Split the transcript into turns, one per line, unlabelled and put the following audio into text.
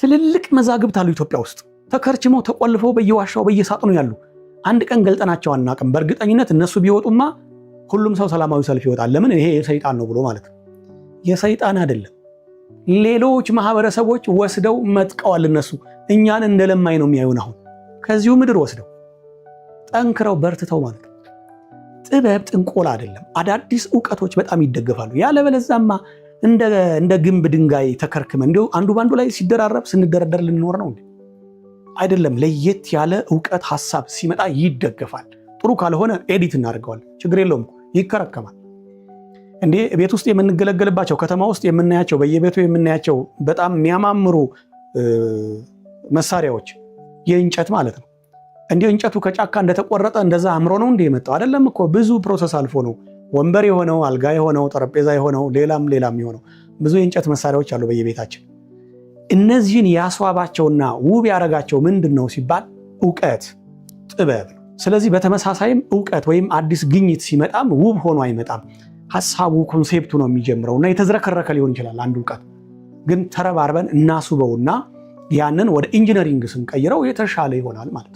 ትልልቅ መዛግብት አሉ ኢትዮጵያ ውስጥ ተከርችመው ተቆልፈው በየዋሻው በየሳጥኑ ያሉ አንድ ቀን ገልጠናቸው አናውቅም። በእርግጠኝነት እነሱ ቢወጡማ ሁሉም ሰው ሰላማዊ ሰልፍ ይወጣል። ለምን? ይሄ የሰይጣን ነው ብሎ ማለት ነው። የሰይጣን አይደለም። ሌሎች ማህበረሰቦች ወስደው መጥቀዋል። እነሱ እኛን እንደ ለማኝ ነው የሚያዩን። አሁን ከዚሁ ምድር ወስደው ጠንክረው በርትተው ማለት ነው። ጥበብ ጥንቆላ አይደለም። አዳዲስ እውቀቶች በጣም ይደገፋሉ። ያለበለዛማ እንደ ግንብ ድንጋይ ተከርክመ እንዲሁ አንዱ በአንዱ ላይ ሲደራረብ ስንደረደር ልንኖር ነው አይደለም። ለየት ያለ እውቀት ሀሳብ ሲመጣ ይደገፋል። ጥሩ ካልሆነ ኤዲት እናደርገዋለን። ችግር የለውም፣ ይከረከማል። እንዴ ቤት ውስጥ የምንገለገልባቸው ከተማ ውስጥ የምናያቸው በየቤቱ የምናያቸው በጣም የሚያማምሩ መሳሪያዎች የእንጨት ማለት ነው። እንዲሁ እንጨቱ ከጫካ እንደተቆረጠ እንደዛ አምሮ ነው እንደ የመጣው አይደለም እኮ ብዙ ፕሮሰስ አልፎ ነው ወንበር የሆነው አልጋ የሆነው ጠረጴዛ የሆነው ሌላም ሌላም የሆነው ብዙ የእንጨት መሳሪያዎች አሉ በየቤታችን። እነዚህን ያስዋባቸውና ውብ ያደረጋቸው ምንድን ነው ሲባል እውቀት፣ ጥበብ ነው። ስለዚህ በተመሳሳይም እውቀት ወይም አዲስ ግኝት ሲመጣም ውብ ሆኖ አይመጣም። ሀሳቡ ኮንሴፕቱ ነው የሚጀምረው እና የተዝረከረከ ሊሆን ይችላል አንድ እውቀት ግን ተረባርበን እናስበውና ያንን ወደ ኢንጂነሪንግ ስንቀይረው የተሻለ ይሆናል ማለት ነው።